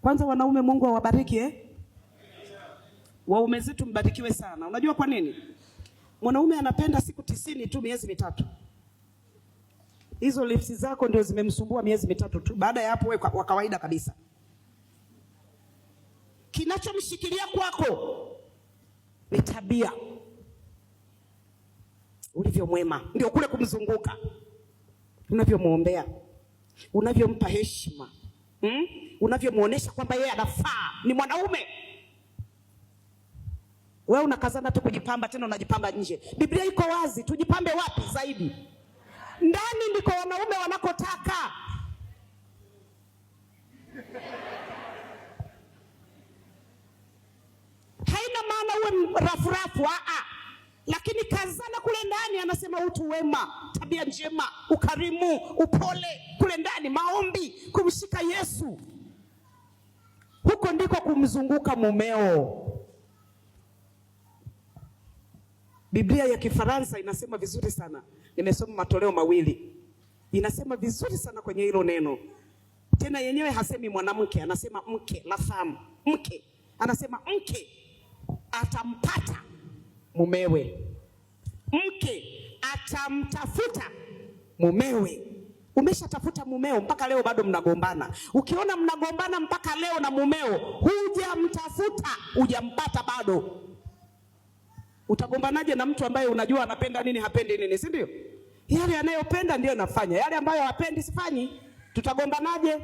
Kwanza wanaume, Mungu awabariki eh? Waume zetu mbarikiwe sana. Unajua kwa nini? Mwanaume anapenda siku tisini tu, miezi mitatu. Hizo lifsi zako ndio zimemsumbua miezi mitatu tu, baada ya hapo wewe kwa kawaida kabisa. Kinachomshikilia kwako ni tabia, ulivyo mwema, ndio kule kumzunguka, unavyomwombea, unavyompa heshima hmm? Unavyomwonyesha kwamba yeye anafaa ni mwanaume, wewe unakazana tu kujipamba, tena unajipamba nje. Biblia iko wazi, tujipambe wapi zaidi? Ndani ndiko wanaume wanakotaka. Haina maana uwe rafurafu, a a, lakini kazana kule ndani anasema utu wema, tabia njema, ukarimu, upole, kule ndani maombi, kumshika Yesu. Huko ndiko kumzunguka mumeo. Biblia ya Kifaransa inasema vizuri sana. Nimesoma matoleo mawili, inasema vizuri sana kwenye hilo neno. Tena yenyewe hasemi mwanamke, anasema mke, la famu, mke. Anasema mke atampata mumewe, mke atamtafuta mumewe. Umeshatafuta mumeo, mpaka leo bado mnagombana. Ukiona mnagombana mpaka leo na mumeo, hujamtafuta hujampata bado, utagombanaje na mtu ambaye unajua anapenda nini, hapendi nini, si ndio? Yale anayopenda ndiyo nafanya, yale ambayo hapendi sifanyi. Tutagombanaje?